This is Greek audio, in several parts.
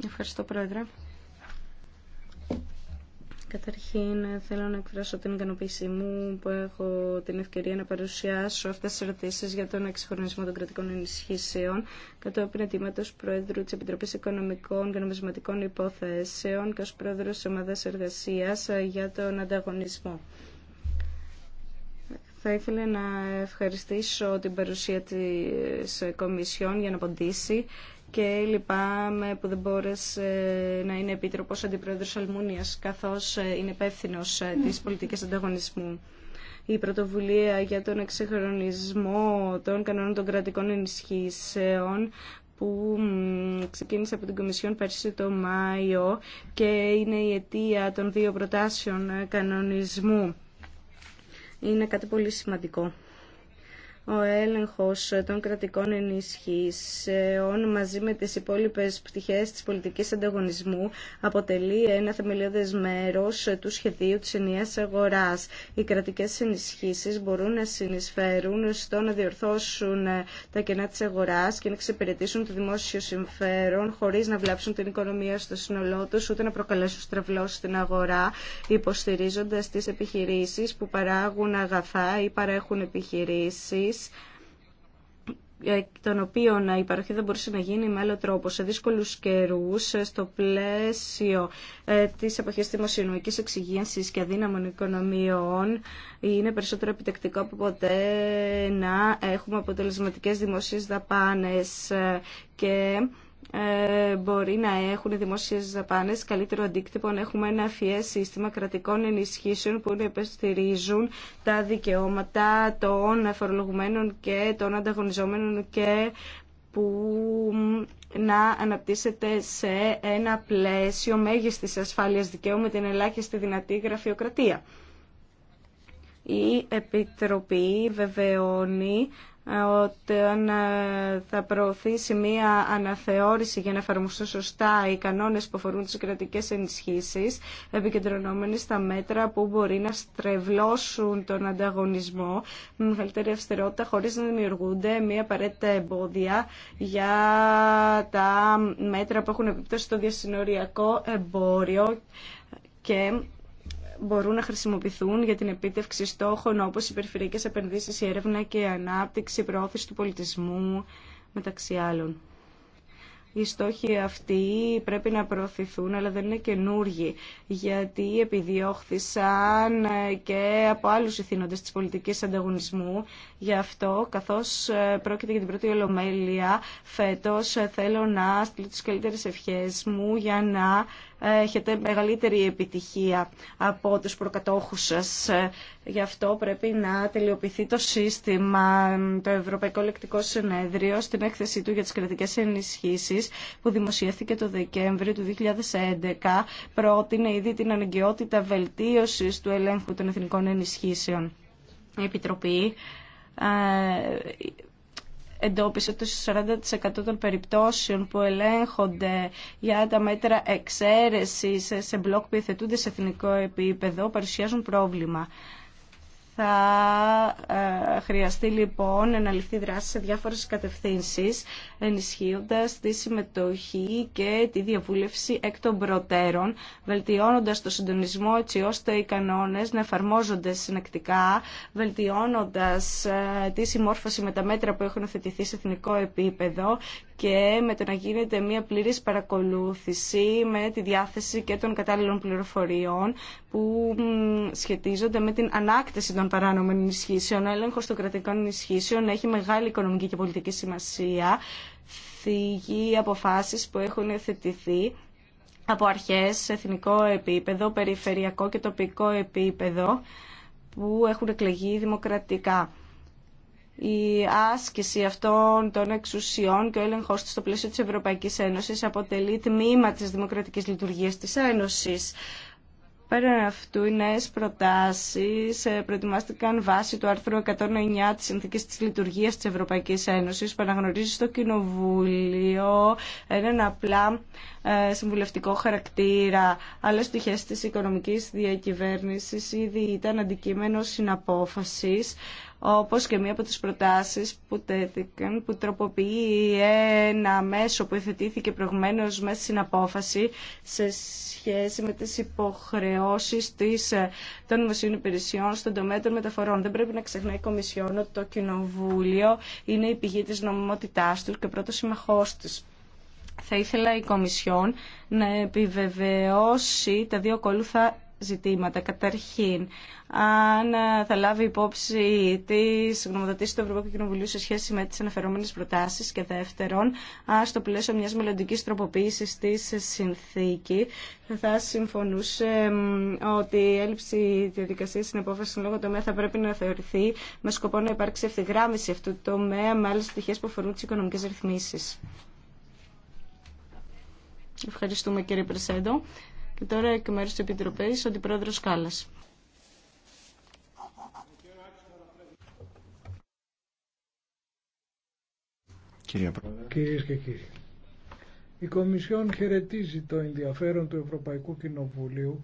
Ευχαριστώ, Πρόεδρε. Καταρχήν θέλω να εκφράσω την ικανοποίησή μου που έχω την ευκαιρία να παρουσιάσω αυτές τις ερωτήσεις για τον εξυγχρονισμό των κρατικών ενισχύσεων κατόπιν ετοίματος Πρόεδρου της Επιτροπής Οικονομικών και Νομισματικών Υποθέσεων και ως Πρόεδρος της Ομάδας Εργασίας για τον ανταγωνισμό. Θα ήθελα να ευχαριστήσω την παρουσία της Κομισιόν για να ποντήσει και λυπάμαι που δεν μπόρεσε να είναι επίτροπος αντιπρόεδρος Αλμούνιας καθώς ε, είναι υπεύθυνο ε, της ναι. πολιτικής ανταγωνισμού. Η πρωτοβουλία για τον εξεχρονισμό των κανόνων των κρατικών ενισχύσεων που ξεκίνησε από την Κομισιόν πέρσι το Μάιο και είναι η αιτία των δύο προτάσεων ε, κανονισμού. Είναι κάτι πολύ σημαντικό ο έλεγχος των κρατικών ενισχύσεων μαζί με τις υπόλοιπες πτυχές της πολιτικής ανταγωνισμού αποτελεί ένα θεμελιώδες μέρος του σχεδίου της ενιαίας αγοράς. Οι κρατικές ενισχύσεις μπορούν να συνεισφέρουν στο να διορθώσουν τα κενά της αγοράς και να εξυπηρετήσουν το δημόσιο συμφέρον χωρίς να βλάψουν την οικονομία στο σύνολό τους ούτε να προκαλέσουν στρεβλώσεις στην αγορά υποστηρίζοντας τις επιχειρήσεις που παράγουν αγαθά ή παρέχουν επιχειρήσεις ε, των οποίων η παροχή δεν μπορούσε να γίνει με άλλο τρόπο. Σε δύσκολους καιρούς, ε, στο πλαίσιο ε, της εποχής δημοσιονομικής εξυγίανσης και αδύναμων οικονομιών, είναι περισσότερο επιτεκτικό από ποτέ να έχουμε αποτελεσματικές δημοσίες δαπάνες και ε, μπορεί να έχουν δημόσιες δαπάνες καλύτερο αντίκτυπο να έχουμε ένα αφιές σύστημα κρατικών ενισχύσεων που επιστηρίζουν τα δικαιώματα των αφορολογουμένων και των ανταγωνιζόμενων και που να αναπτύσσεται σε ένα πλαίσιο μέγιστης ασφάλειας δικαίου με την ελάχιστη δυνατή γραφειοκρατία. Η Επιτροπή βεβαιώνει όταν ε, θα προωθήσει μία αναθεώρηση για να εφαρμοστούν σωστά οι κανόνες που αφορούν τις κρατικές ενισχύσεις, επικεντρωνόμενοι στα μέτρα που μπορεί να στρεβλώσουν τον ανταγωνισμό με μεγαλύτερη αυστηρότητα, χωρίς να δημιουργούνται μία απαραίτητα εμπόδια για τα μέτρα που έχουν επιπτώσει στο διασυνοριακό εμπόριο και μπορούν να χρησιμοποιηθούν για την επίτευξη στόχων όπως οι περιφερειακές επενδύσεις, η έρευνα και η ανάπτυξη, η προώθηση του πολιτισμού, μεταξύ άλλων. Οι στόχοι αυτοί πρέπει να προωθηθούν, αλλά δεν είναι καινούργοι, γιατί επιδιώχθησαν και από άλλους ηθήνοντες της πολιτικής ανταγωνισμού. Γι' αυτό, καθώς ε, πρόκειται για την πρώτη ολομέλεια, φέτος ε, θέλω να στείλω τις καλύτερες ευχές μου για να έχετε μεγαλύτερη επιτυχία από τους προκατόχους σας. Γι' αυτό πρέπει να τελειοποιηθεί το σύστημα. Το Ευρωπαϊκό Λεκτικό Συνέδριο στην έκθεσή του για τις κρατικές ενισχύσεις που δημοσιεύθηκε το Δεκέμβριο του 2011 πρότεινε ήδη την αναγκαιότητα βελτίωσης του ελέγχου των εθνικών ενισχύσεων. Η Επιτροπή ε, εντόπισε ότι στο 40% των περιπτώσεων που ελέγχονται για τα μέτρα εξαίρεση σε μπλοκ που υιοθετούνται σε εθνικό επίπεδο παρουσιάζουν πρόβλημα. Θα ε, χρειαστεί λοιπόν να ληφθεί δράση σε διάφορες κατευθύνσεις, ενισχύοντας τη συμμετοχή και τη διαβούλευση εκ των προτέρων, βελτιώνοντας το συντονισμό έτσι ώστε οι κανόνες να εφαρμόζονται συνεκτικά, βελτιώνοντας ε, τη συμμόρφωση με τα μέτρα που έχουν θετηθεί σε εθνικό επίπεδο και με το να γίνεται μια πλήρης παρακολούθηση με τη διάθεση και των κατάλληλων πληροφοριών που σχετίζονται με την ανάκτηση των παράνομων ενισχύσεων. Ο έλεγχος των κρατικών ενισχύσεων έχει μεγάλη οικονομική και πολιτική σημασία. Θυγεί αποφάσεις που έχουν εθετηθεί από αρχές εθνικό επίπεδο, περιφερειακό και τοπικό επίπεδο που έχουν εκλεγεί δημοκρατικά η άσκηση αυτών των εξουσιών και ο έλεγχο τη στο πλαίσιο τη Ευρωπαϊκή Ένωση αποτελεί τμήμα τη δημοκρατική λειτουργία τη Ένωση. Πέραν αυτού, οι νέε προτάσει ε, προετοιμάστηκαν βάσει του άρθρου 109 τη Συνθήκη τη Λειτουργία τη Ευρωπαϊκή Ένωση, που αναγνωρίζει στο Κοινοβούλιο έναν απλά ε, συμβουλευτικό χαρακτήρα. Άλλε πτυχέ τη οικονομική διακυβέρνηση ήδη ήταν αντικείμενο συναπόφαση όπως και μία από τις προτάσεις που τέθηκαν, που τροποποιεί ένα μέσο που εθετήθηκε προηγουμένως μέσα στην απόφαση σε σχέση με τις υποχρεώσεις της, ε, των δημοσίων υπηρεσιών στον τομέα των μεταφορών. Δεν πρέπει να ξεχνάει η Κομισιόν ότι το Κοινοβούλιο είναι η πηγή της νομιμότητάς του και πρώτος συμμαχός της. Θα ήθελα η Κομισιόν να επιβεβαιώσει τα δύο ακόλουθα ζητήματα. Καταρχήν, αν θα λάβει υπόψη τη γνωμοδοτήση του Ευρωπαϊκού Κοινοβουλίου σε σχέση με τι αναφερόμενε προτάσει και δεύτερον, στο πλαίσιο μια μελλοντική τροποποίηση τη συνθήκη θα συμφωνούσε ότι η έλλειψη διαδικασία στην απόφαση λόγω τομέα θα πρέπει να θεωρηθεί με σκοπό να υπάρξει ευθυγράμμιση αυτού του τομέα με άλλε πτυχέ που αφορούν τι οικονομικέ ρυθμίσει. Ευχαριστούμε κύριε Πρεσέντο. Και τώρα εκ μέρους της Επιτροπής, ο Αντιπρόεδρος Κάλλας. Κυρία Κυρίες και κύριοι, η Κομισιόν χαιρετίζει το ενδιαφέρον του Ευρωπαϊκού Κοινοβουλίου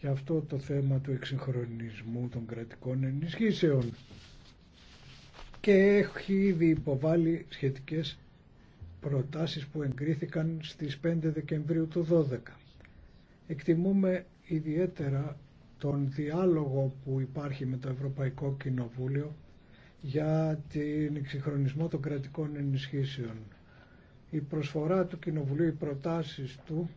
για αυτό το θέμα του εξυγχρονισμού των κρατικών ενισχύσεων και έχει ήδη υποβάλει σχετικές προτάσεις που εγκρίθηκαν στις 5 Δεκεμβρίου του 12. Εκτιμούμε ιδιαίτερα τον διάλογο που υπάρχει με το Ευρωπαϊκό Κοινοβούλιο για την εξυγχρονισμό των κρατικών ενισχύσεων. Η προσφορά του Κοινοβουλίου, οι προτάσεις του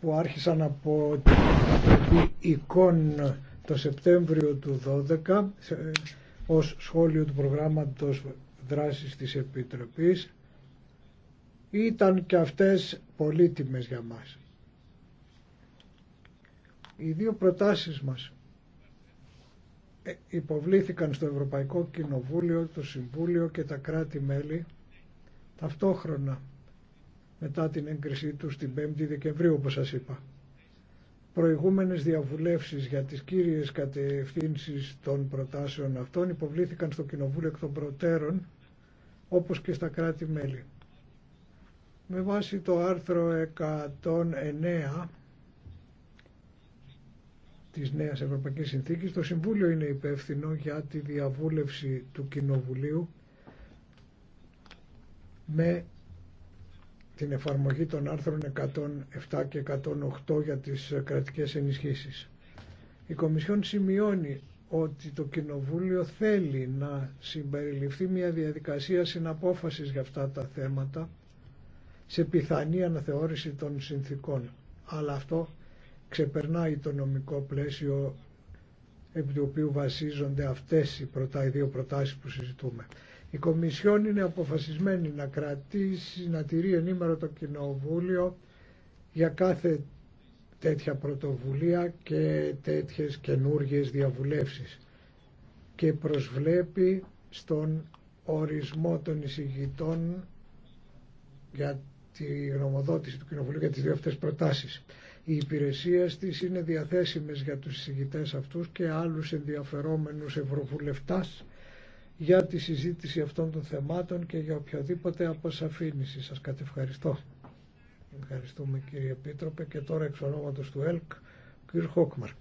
που άρχισαν από την εικόνα το Σεπτέμβριο του 12 ως σχόλιο του προγράμματος δράσεις της Επιτροπής ήταν και αυτές πολύτιμες για μας. Οι δύο προτάσεις μας ε, υποβλήθηκαν στο Ευρωπαϊκό Κοινοβούλιο, το Συμβούλιο και τα κράτη-μέλη ταυτόχρονα μετά την έγκρισή του την 5η Δεκεμβρίου όπως σας είπα προηγούμενες διαβουλεύσεις για τις κύριες κατευθύνσεις των προτάσεων αυτών υποβλήθηκαν στο Κοινοβούλιο εκ των προτέρων όπως και στα κράτη-μέλη. Με βάση το άρθρο 109 της Νέας Ευρωπαϊκής Συνθήκης το Συμβούλιο είναι υπεύθυνο για τη διαβούλευση του Κοινοβουλίου με την εφαρμογή των άρθρων 107 και 108 για τις κρατικές ενισχύσεις. Η Κομισιόν σημειώνει ότι το Κοινοβούλιο θέλει να συμπεριληφθεί μια διαδικασία συναπόφασης για αυτά τα θέματα σε πιθανή αναθεώρηση των συνθήκων. Αλλά αυτό ξεπερνάει το νομικό πλαίσιο επί του οποίου βασίζονται αυτές οι, οι δύο προτάσεις που συζητούμε. Η Κομισιόν είναι αποφασισμένη να κρατήσει, να τηρεί ενήμερο το Κοινοβούλιο για κάθε τέτοια πρωτοβουλία και τέτοιες καινούργιες διαβουλεύσεις και προσβλέπει στον ορισμό των εισηγητών για τη γνωμοδότηση του Κοινοβουλίου για τις δύο αυτές προτάσεις. Οι υπηρεσίες της είναι διαθέσιμες για τους εισηγητές αυτούς και άλλους ενδιαφερόμενους ευρωβουλευτάς για τη συζήτηση αυτών των θεμάτων και για οποιαδήποτε αποσαφήνιση. Σας κατευχαριστώ. Ευχαριστούμε κύριε Επίτροπε και τώρα εξ ονόματος του ΕΛΚ, κύριε Χόκμαρκ.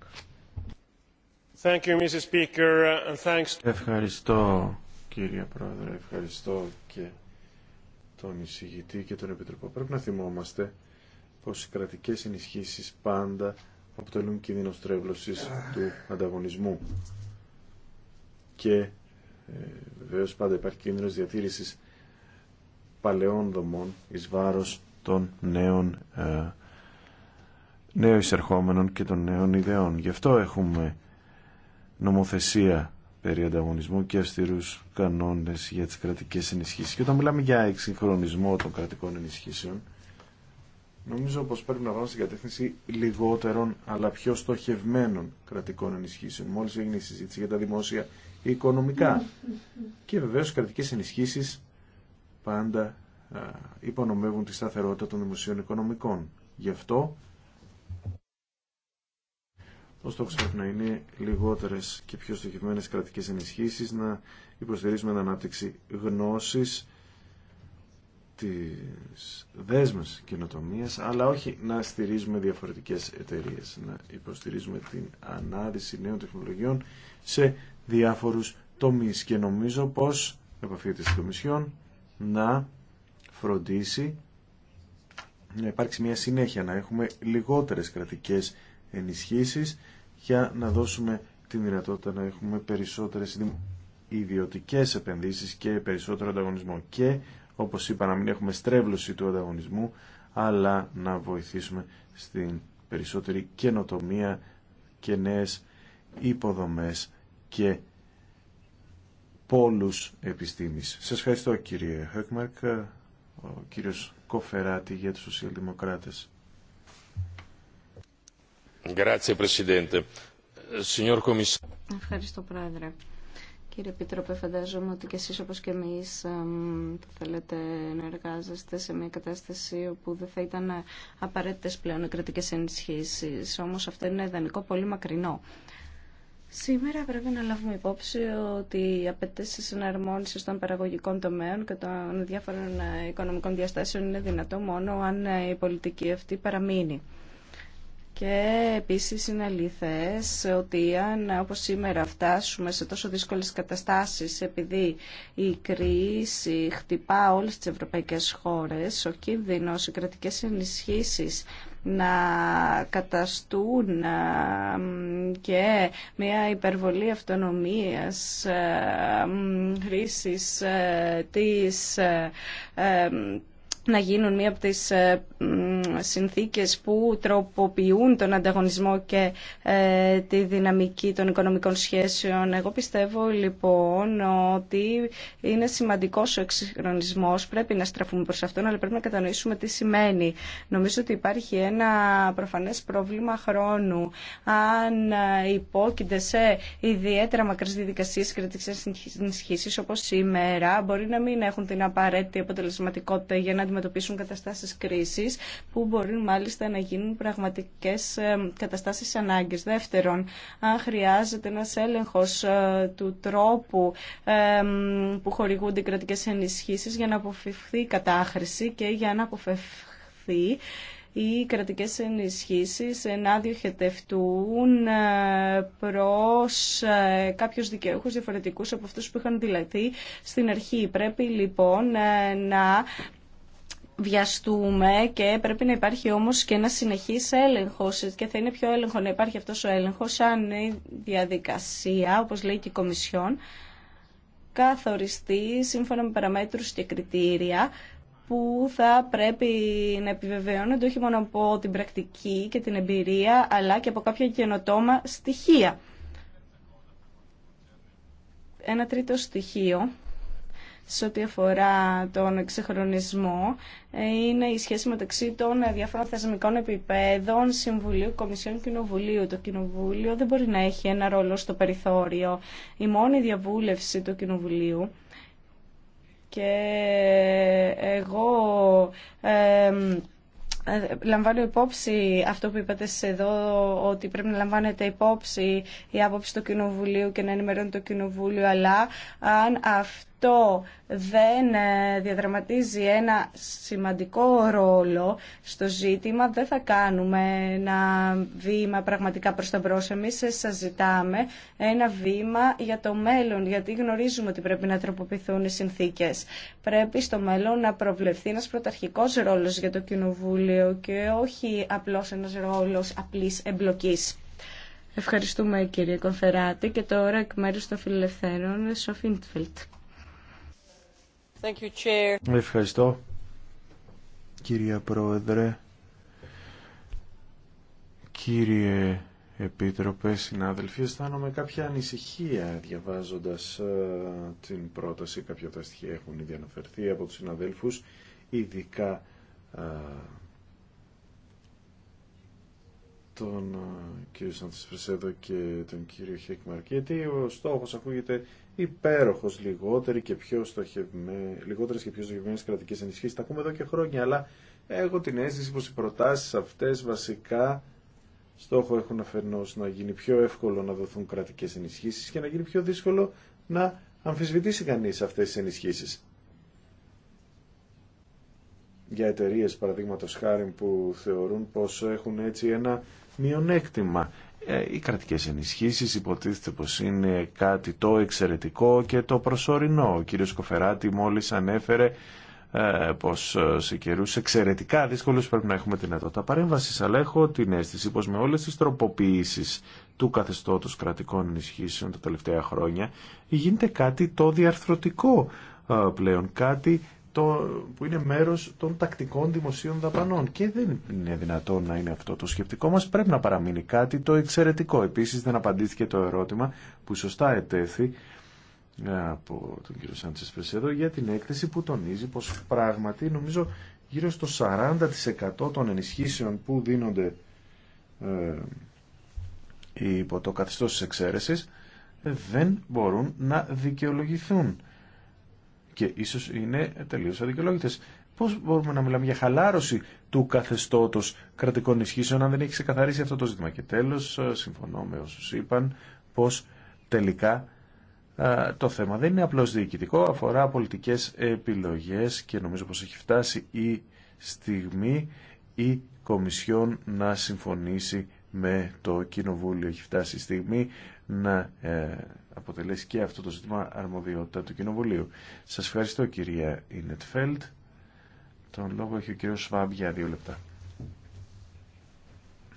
Ευχαριστώ κύριε Πρόεδρε, ευχαριστώ και τον εισηγητή και τον Επιτροπό. Πρέπει να θυμόμαστε πως οι κρατικές ενισχύσεις πάντα αποτελούν κίνδυνο στρέβλωσης του ανταγωνισμού και ε, βεβαίως πάντα υπάρχει κίνδυνος διατήρησης παλαιών δομών εις βάρος των νέων ε, νέων εισερχόμενων και των νέων ιδεών. Γι' αυτό έχουμε νομοθεσία περί ανταγωνισμού και αυστηρούς κανόνες για τις κρατικές ενισχύσεις. Και όταν μιλάμε για εξυγχρονισμό των κρατικών ενισχύσεων, νομίζω πως πρέπει να βάλουμε στην κατεύθυνση λιγότερων αλλά πιο στοχευμένων κρατικών ενισχύσεων. Μόλις έγινε η συζήτηση για τα δημόσια οικονομικά. Και βεβαίω οι κρατικές ενισχύσει πάντα υπονομεύουν τη σταθερότητα των δημοσίων οικονομικών. Γι' αυτό ο στόχο πρέπει να είναι λιγότερε και πιο στοχευμένε κρατικές ενισχύσει να υποστηρίζουμε την ανάπτυξη γνώση τη δέσμε καινοτομία, αλλά όχι να στηρίζουμε διαφορετικές εταιρείε, να υποστηρίζουμε την ανάδυση νέων τεχνολογιών σε διάφορους τομείς και νομίζω πως επαφείται στην Κομισιόν να φροντίσει να υπάρξει μια συνέχεια, να έχουμε λιγότερες κρατικές ενισχύσεις για να δώσουμε την δυνατότητα να έχουμε περισσότερες ιδιωτικές επενδύσεις και περισσότερο ανταγωνισμό και όπως είπα να μην έχουμε στρέβλωση του ανταγωνισμού αλλά να βοηθήσουμε στην περισσότερη καινοτομία και νέες υποδομές και πόλους επιστήμης. Σας ευχαριστώ κύριε Χέκμαρκ, ο κύριος Κοφεράτη για τους σοσιαλδημοκράτες. Ευχαριστώ πρόεδρε. Κύριε Επίτροπε, φαντάζομαι ότι και εσείς όπως και εμείς θέλετε να εργάζεστε σε μια κατάσταση όπου δεν θα ήταν απαραίτητες πλέον οι κρατικές ενισχύσεις. Όμως αυτό είναι ιδανικό πολύ μακρινό. Σήμερα πρέπει να λάβουμε υπόψη ότι οι απαιτήσει συναρμόνιση των παραγωγικών τομέων και των διάφορων οικονομικών διαστάσεων είναι δυνατό μόνο αν η πολιτική αυτή παραμείνει. Και επίσης είναι αλήθες ότι αν όπως σήμερα φτάσουμε σε τόσο δύσκολες καταστάσεις επειδή η κρίση χτυπά όλες τις ευρωπαϊκές χώρες, ο κίνδυνος, οι κρατικές ενισχύσεις να καταστούν ε, και μια υπερβολή αυτονομίας ε, χρήσης ε, της να γίνουν μία από τις συνθήκες που τροποποιούν τον ανταγωνισμό και ε, τη δυναμική των οικονομικών σχέσεων. Εγώ πιστεύω λοιπόν ότι είναι σημαντικός ο εξυγχρονισμός, πρέπει να στραφούμε προς αυτόν, αλλά πρέπει να κατανοήσουμε τι σημαίνει. Νομίζω ότι υπάρχει ένα προφανές πρόβλημα χρόνου. Αν υπόκειται σε ιδιαίτερα μακρές διαδικασίες κρατικές ενισχύσεις όπως σήμερα, μπορεί να μην έχουν την απαραίτητη αποτελεσματικότητα για να αντιμετωπίσουν καταστάσεις κρίσης που μπορεί μάλιστα να γίνουν πραγματικές ε, καταστάσεις ανάγκης. Δεύτερον, αν χρειάζεται ένας έλεγχος ε, του τρόπου ε, που χορηγούνται οι κρατικές ενισχύσεις για να αποφευθεί η κατάχρηση και για να αποφευθεί οι κρατικές ενισχύσεις να διοχετευτούν προς κάποιους δικαιούχους διαφορετικούς από αυτούς που είχαν δηλαδή στην αρχή. Πρέπει λοιπόν να βιαστούμε και πρέπει να υπάρχει όμως και ένα συνεχής έλεγχος και θα είναι πιο έλεγχο να υπάρχει αυτός ο έλεγχος αν η διαδικασία, όπως λέει και η Κομισιόν, καθοριστεί σύμφωνα με παραμέτρους και κριτήρια που θα πρέπει να επιβεβαιώνονται όχι μόνο από την πρακτική και την εμπειρία, αλλά και από κάποια καινοτόμα στοιχεία. Ένα τρίτο στοιχείο σε ό,τι αφορά τον εξεχρονισμό ε, είναι η σχέση μεταξύ των διαφόρων θεσμικών επιπέδων Συμβουλίου, Κομισιών Κοινοβουλίου. Το Κοινοβούλιο δεν μπορεί να έχει ένα ρόλο στο περιθώριο. Η μόνη διαβούλευση του Κοινοβουλίου και εγώ ε, λαμβάνω υπόψη αυτό που είπατε εδώ, ότι πρέπει να λαμβάνετε υπόψη η άποψη του Κοινοβουλίου και να ενημερώνει το Κοινοβούλιο, αλλά αν αυτό το δεν ε, διαδραματίζει ένα σημαντικό ρόλο στο ζήτημα, δεν θα κάνουμε ένα βήμα πραγματικά προς τα μπρος. Εμείς ε, σας ζητάμε ένα βήμα για το μέλλον, γιατί γνωρίζουμε ότι πρέπει να τροποποιηθούν οι συνθήκες. Πρέπει στο μέλλον να προβλεφθεί ένας πρωταρχικός ρόλος για το Κοινοβούλιο και όχι απλώς ένας ρόλος απλής εμπλοκής. Ευχαριστούμε κύριε Κοφεράτη και τώρα εκ μέρους των φιλελευθέρων Σοφίντφιλτ. Ευχαριστώ, κύριε Πρόεδρε, κύριε Επίτροπε, συνάδελφοι. Αισθάνομαι κάποια ανησυχία διαβάζοντας ε, την πρόταση. Κάποια τα στοιχεία έχουν ήδη αναφερθεί από τους συναδέλφους, ειδικά ε, τον ε, κύριο Σαντισφρεσέδο και τον κύριο Χέκ γιατί ο στόχος ακούγεται υπέροχος, λιγότερη και πιο στοχευμέ... λιγότερες και πιο στοχευμένες κρατικές ενισχύσεις. Τα ακούμε εδώ και χρόνια, αλλά έχω την αίσθηση πως οι προτάσεις αυτές βασικά στόχο έχουν αφενός να γίνει πιο εύκολο να δοθούν κρατικές ενισχύσεις και να γίνει πιο δύσκολο να αμφισβητήσει κανείς αυτές τις ενισχύσεις. Για εταιρείε παραδείγματο χάρη που θεωρούν πως έχουν έτσι ένα μειονέκτημα ε, οι κρατικές ενισχύσεις υποτίθεται πως είναι κάτι το εξαιρετικό και το προσωρινό. Ο κύριος Κοφεράτη μόλις ανέφερε ε, πως ε, σε καιρούς εξαιρετικά δύσκολους πρέπει να έχουμε δυνατότητα παρέμβασης, αλλά έχω την αίσθηση πως με όλες τις τροποποιήσεις του καθεστώτος κρατικών ενισχύσεων τα τελευταία χρόνια γίνεται κάτι το διαρθρωτικό πλέον, κάτι το, που είναι μέρος των τακτικών δημοσίων δαπανών. Και δεν είναι δυνατόν να είναι αυτό. Το σκεπτικό μας πρέπει να παραμείνει κάτι το εξαιρετικό. Επίσης δεν απαντήθηκε το ερώτημα που σωστά ετέθη ε, από τον κύριο Σάντσες Πρεσέδο για την έκθεση που τονίζει πως πράγματι νομίζω γύρω στο 40% των ενισχύσεων που δίνονται ε, υπό το καθεστώς τη εξαίρεσης ε, δεν μπορούν να δικαιολογηθούν και ίσως είναι τελείως αδικαιολόγητες. Πώς μπορούμε να μιλάμε για χαλάρωση του καθεστώτος κρατικών ισχύσεων αν δεν έχει ξεκαθαρίσει αυτό το ζήτημα. Και τέλος, ε, συμφωνώ με όσους είπαν πως τελικά ε, το θέμα δεν είναι απλώς διοικητικό, αφορά πολιτικές επιλογές και νομίζω πως έχει φτάσει η στιγμή η Κομισιόν να συμφωνήσει με το Κοινοβούλιο. Έχει φτάσει η στιγμή να ε, αποτελέσει και αυτό το ζήτημα αρμοδιότητα του Κοινοβουλίου. Σας ευχαριστώ κυρία Ινετφέλτ. Τον λόγο έχει ο κύριος Σβάμπ για δύο λεπτά.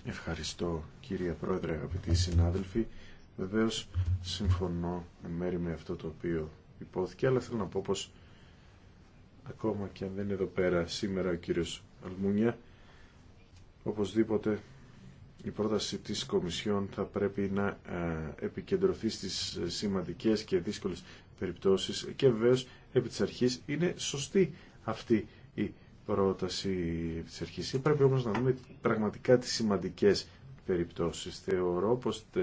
Ευχαριστώ κύρια Πρόεδρε, αγαπητοί συνάδελφοι. Βεβαίως συμφωνώ με μέρη με αυτό το οποίο υπόθηκε, αλλά θέλω να πω πω ακόμα και αν δεν είναι εδώ πέρα σήμερα ο κύριος Αλμούνια, οπωσδήποτε η πρόταση της Κομισιόν θα πρέπει να ε, επικεντρωθεί στις ε, σημαντικές και δύσκολες περιπτώσεις και βεβαίω επί της αρχής είναι σωστή αυτή η πρόταση επί της αρχής. Πρέπει όμως να δούμε πραγματικά τις σημαντικές περιπτώσεις. Θεωρώ πως τα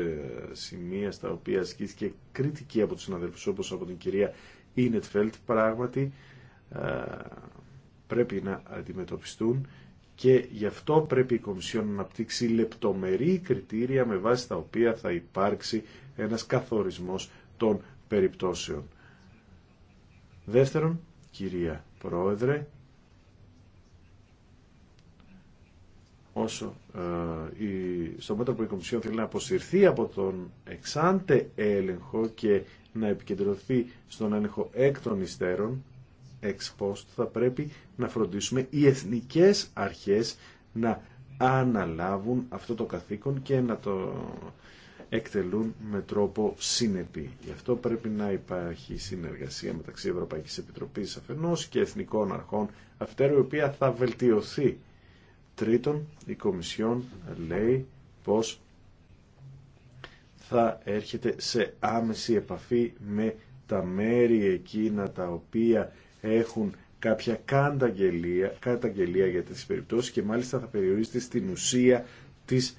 σημεία στα οποία ασκήθηκε κριτική από τους συναδέλφους όπως από την κυρία Ίνετφελτ πράγματι ε, πρέπει να αντιμετωπιστούν και γι' αυτό πρέπει η Κομισιόν να αναπτύξει λεπτομερή κριτήρια με βάση τα οποία θα υπάρξει ένας καθορισμός των περιπτώσεων. Δεύτερον, κυρία Πρόεδρε, όσο ε, η, στο μέτρο που η Κομισιόν θέλει να αποσυρθεί από τον εξάντε έλεγχο και να επικεντρωθεί στον έλεγχο εκ των υστέρων, ex θα πρέπει να φροντίσουμε οι εθνικές αρχές να αναλάβουν αυτό το καθήκον και να το εκτελούν με τρόπο συνεπή. Γι' αυτό πρέπει να υπάρχει συνεργασία μεταξύ Ευρωπαϊκής Επιτροπής αφενός και Εθνικών Αρχών αυτέρου η οποία θα βελτιωθεί. Τρίτον, η Κομισιόν λέει πως θα έρχεται σε άμεση επαφή με τα μέρη εκείνα τα οποία έχουν κάποια καταγγελία, καταγγελία για τις περιπτώσεις και μάλιστα θα περιορίζεται στην ουσία της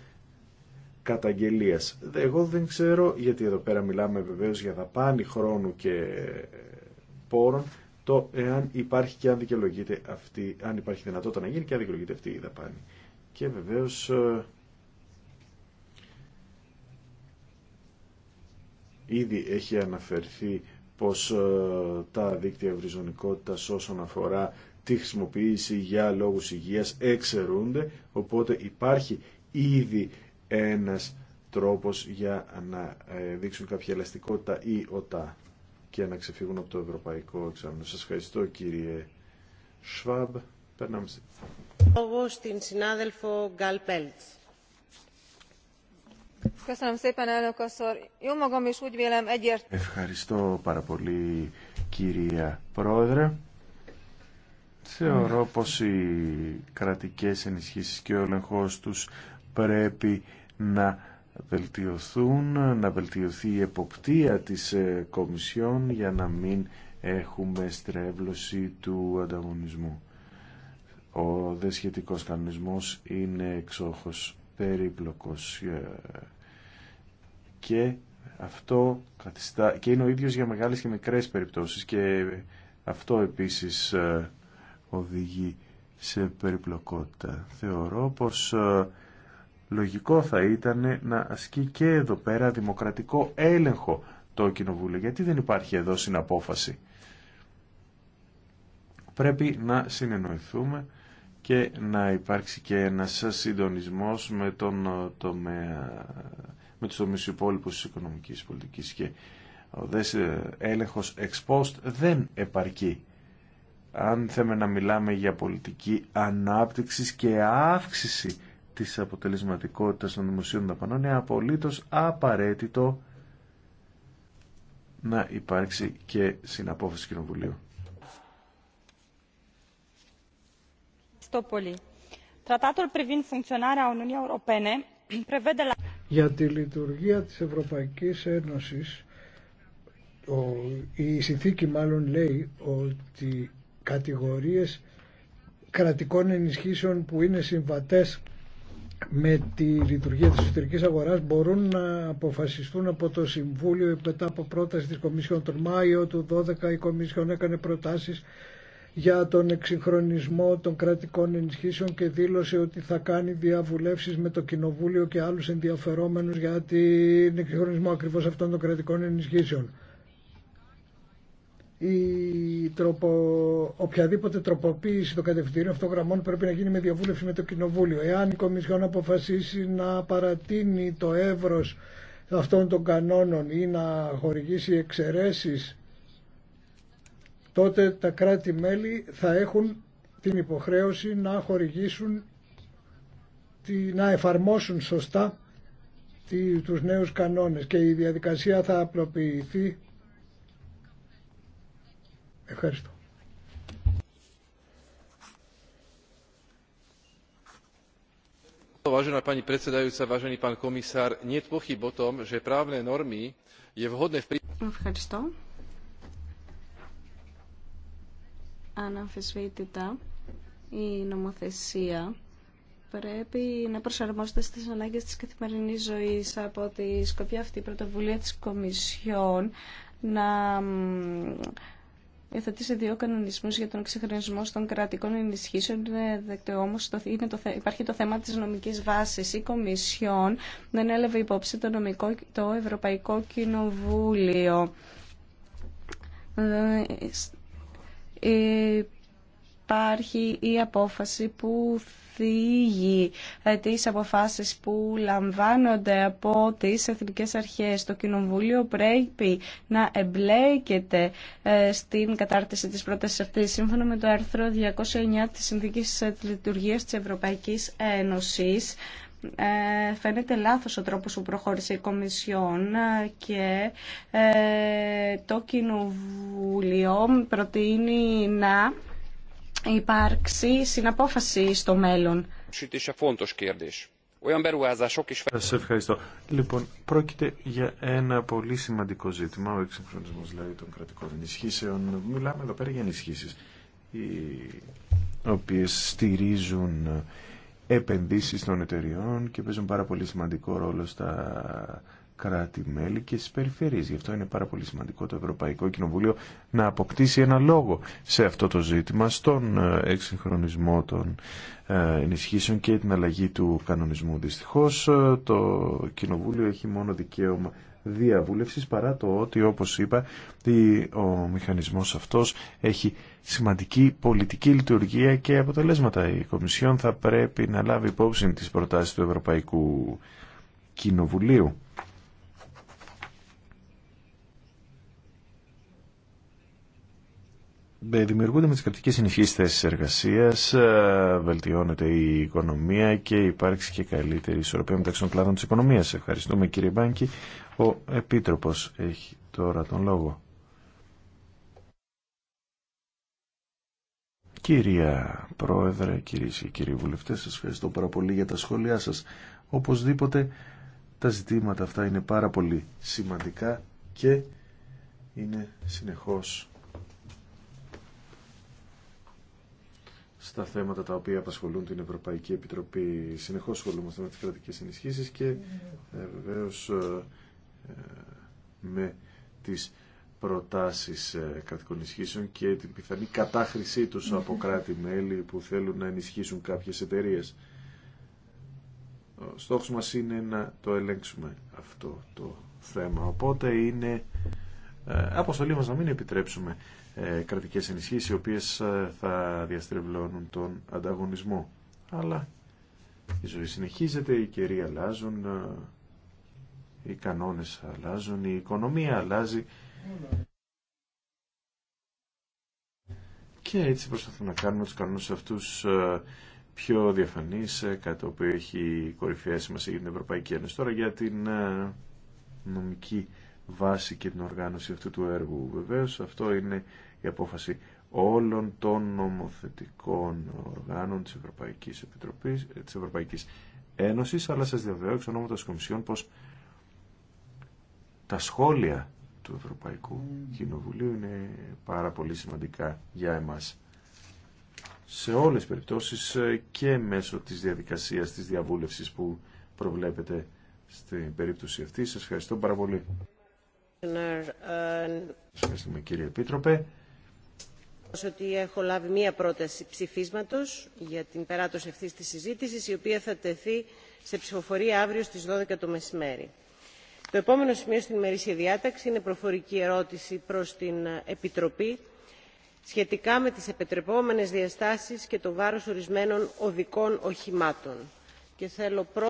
καταγγελίας. Εγώ δεν ξέρω, γιατί εδώ πέρα μιλάμε βεβαίως για δαπάνη χρόνου και πόρων, το εάν υπάρχει και αν δικαιολογείται αυτή, αν υπάρχει δυνατότητα να γίνει και αν δικαιολογείται αυτή η δαπάνη. Και βεβαίως ε, ήδη έχει αναφερθεί πως ε, τα δίκτυα ευρυζωνικότητας όσον αφορά τη χρησιμοποίηση για λόγους υγείας εξαιρούνται, οπότε υπάρχει ήδη ένας τρόπος για να ε, δείξουν κάποια ελαστικότητα ή οτά και να ξεφύγουν από το ευρωπαϊκό εξάμεινο. Σας ευχαριστώ κύριε Σφάμπ. Περνάμε στην συνάδελφο Γκάλ Ευχαριστώ πάρα πολύ κυρία Πρόεδρε. Θεωρώ πως οι κρατικές ενισχύσεις και ο έλεγχο τους πρέπει να βελτιωθούν, να βελτιωθεί η εποπτεία της ε, Κομισιόν για να μην έχουμε στρέβλωση του ανταγωνισμού. Ο δε σχετικός κανονισμός είναι εξόχως περίπλοκος ε, και αυτό καθιστά και είναι ο ίδιος για μεγάλες και μικρές περιπτώσεις και αυτό επίσης ε, οδηγεί σε περιπλοκότητα. Θεωρώ πως ε, λογικό θα ήταν να ασκεί και εδώ πέρα δημοκρατικό έλεγχο το Κοινοβούλιο. Γιατί δεν υπάρχει εδώ συναπόφαση. Πρέπει να συνεννοηθούμε και να υπάρξει και ένας συντονισμός με τον ε, τομέα με τους τομείς υπόλοιπους της οικονομικής πολιτικής και ο δες έλεγχος ex post δεν επαρκεί. Αν θέλουμε να μιλάμε για πολιτική ανάπτυξης και αύξηση της αποτελεσματικότητας των δημοσίων δαπανών είναι απολύτως απαραίτητο να υπάρξει και συναπόφαση κοινοβουλίου. για τη λειτουργία της Ευρωπαϊκής Ένωσης ο, η συνθήκη μάλλον λέει ότι κατηγορίες κρατικών ενισχύσεων που είναι συμβατές με τη λειτουργία της εσωτερικής αγοράς μπορούν να αποφασιστούν από το Συμβούλιο μετά από πρόταση της Κομισιόν τον Μάιο του 12 η Κομισιόν έκανε προτάσεις για τον εξυγχρονισμό των κρατικών ενισχύσεων και δήλωσε ότι θα κάνει διαβουλεύσεις με το Κοινοβούλιο και άλλους ενδιαφερόμενους για την εξυγχρονισμό ακριβώς αυτών των κρατικών ενισχύσεων. Η τροπο... Οποιαδήποτε τροποποίηση των κατευθυντήριων γραμμών πρέπει να γίνει με διαβούλευση με το Κοινοβούλιο. Εάν η Κομισιόν αποφασίσει να παρατείνει το εύρος αυτών των κανόνων ή να χορηγήσει εξαιρέσεις τότε τα κράτη-μέλη θα έχουν την υποχρέωση να χορηγήσουν, να εφαρμόσουν σωστά τους νέους κανόνες και η διαδικασία θα απλοποιηθεί. Ευχαριστώ. vážená pani predsedajúca vážený pán komisár je pochýb o tom že právne normy je vhodné v prípade Αναμφισβήτητα, η νομοθεσία πρέπει να προσαρμόζεται στις ανάγκες της καθημερινής ζωής από τη σκοπιά αυτή η πρωτοβουλία της Κομισιόν να Υιοθετήσει δύο κανονισμούς για τον ξεχρονισμό των κρατικών ενισχύσεων. Όμως είναι το, υπάρχει το θέμα της νομικής βάσης. Η Κομισιόν δεν έλαβε υπόψη το, νομικό, το Ευρωπαϊκό Κοινοβούλιο ε, υπάρχει η απόφαση που θίγει ε, τις αποφάσεις που λαμβάνονται από τις εθνικές αρχές. Το Κοινοβούλιο πρέπει να εμπλέκεται ε, στην κατάρτιση της πρότασης αυτής σύμφωνα με το άρθρο 209 της Συνθήκης Λειτουργίας της Ευρωπαϊκής Ένωσης ε, φαίνεται λάθος ο τρόπος που προχώρησε η Κομισιόν και ε, το Κοινοβουλίο προτείνει να υπάρξει συναπόφαση στο μέλλον. Σας ευχαριστώ. Λοιπόν, πρόκειται για ένα πολύ σημαντικό ζήτημα, ο εξυγχρονισμός δηλαδή των κρατικών ενισχύσεων. Μιλάμε εδώ πέρα για ενισχύσεις, οι οποίες στηρίζουν επενδύσεις των εταιριών και παίζουν πάρα πολύ σημαντικό ρόλο στα κράτη-μέλη και στις περιφέρειες. Γι' αυτό είναι πάρα πολύ σημαντικό το Ευρωπαϊκό Κοινοβούλιο να αποκτήσει ένα λόγο σε αυτό το ζήτημα, στον ε, εξυγχρονισμό των ε, ενισχύσεων και την αλλαγή του κανονισμού. Δυστυχώς ε, το Κοινοβούλιο έχει μόνο δικαίωμα διαβούλευσης παρά το ότι όπως είπα ο μηχανισμός αυτός έχει σημαντική πολιτική λειτουργία και αποτελέσματα. Η Κομισιόν θα πρέπει να λάβει υπόψη τις προτάσεις του Ευρωπαϊκού Κοινοβουλίου. Ε, δημιουργούνται με τις κρατικές συνεχείς θέσεις εργασίας, ε, βελτιώνεται η οικονομία και υπάρξει και καλύτερη ισορροπία μεταξύ των κλάδων της οικονομίας. Ευχαριστούμε κύριε Μπάνκη. Ο Επίτροπος έχει τώρα τον λόγο. Κυρία Πρόεδρε, κυρίες και κύριοι βουλευτές, σας ευχαριστώ πάρα πολύ για τα σχόλιά σας. Οπωσδήποτε τα ζητήματα αυτά είναι πάρα πολύ σημαντικά και είναι συνεχώς στα θέματα τα οποία απασχολούν την Ευρωπαϊκή Επιτροπή. Συνεχώς ασχολούμαστε με τις κρατικές ενισχύσεις και ε, ε, με τις προτάσεις ε, κρατικών ισχύσεων και την πιθανή κατάχρησή τους από κράτη-μέλη που θέλουν να ενισχύσουν κάποιες εταιρείες. Ο στόχος μας είναι να το ελέγξουμε αυτό το θέμα. Οπότε είναι ε, αποστολή μας να μην επιτρέψουμε ε, κρατικές ενισχύσεις οι οποίες θα διαστρεβλώνουν τον ανταγωνισμό. Αλλά η ζωή συνεχίζεται, οι καιροί αλλάζουν, οι κανόνες αλλάζουν, η οικονομία αλλάζει και έτσι προσπαθούμε να κάνουμε τους κανόνες αυτούς ε, πιο διαφανείς, ε, κάτι το οποίο έχει κορυφαία σημασία για την Ευρωπαϊκή Ένωση. Τώρα για την ε, νομική βάση και την οργάνωση αυτού του έργου. Βεβαίως αυτό είναι η απόφαση όλων των νομοθετικών οργάνων της Ευρωπαϊκής Επιτροπής, της Ευρωπαϊκής Ένωσης, αλλά σας διαβεβαίω εξ ονόματος Κομισιόν πως τα σχόλια του Ευρωπαϊκού Κοινοβουλίου είναι πάρα πολύ σημαντικά για εμάς. Σε όλες τις περιπτώσεις ε, και μέσω της διαδικασίας της διαβούλευσης που προβλέπετε στην περίπτωση αυτή. Σας ευχαριστώ πάρα πολύ. Σας ευχαριστούμε κύριε Επίτροπε. Ότι έχω λάβει μία πρόταση ψηφίσματος για την περάτωση αυτής της συζήτησης, η οποία θα τεθεί σε ψηφοφορία αύριο στις 12 το μεσημέρι. Το επόμενο σημείο στην ημερήσια διάταξη είναι προφορική ερώτηση προς την Επιτροπή σχετικά με τις επιτρεπόμενες διαστάσεις και το βάρος ορισμένων οδικών οχημάτων. Και θέλω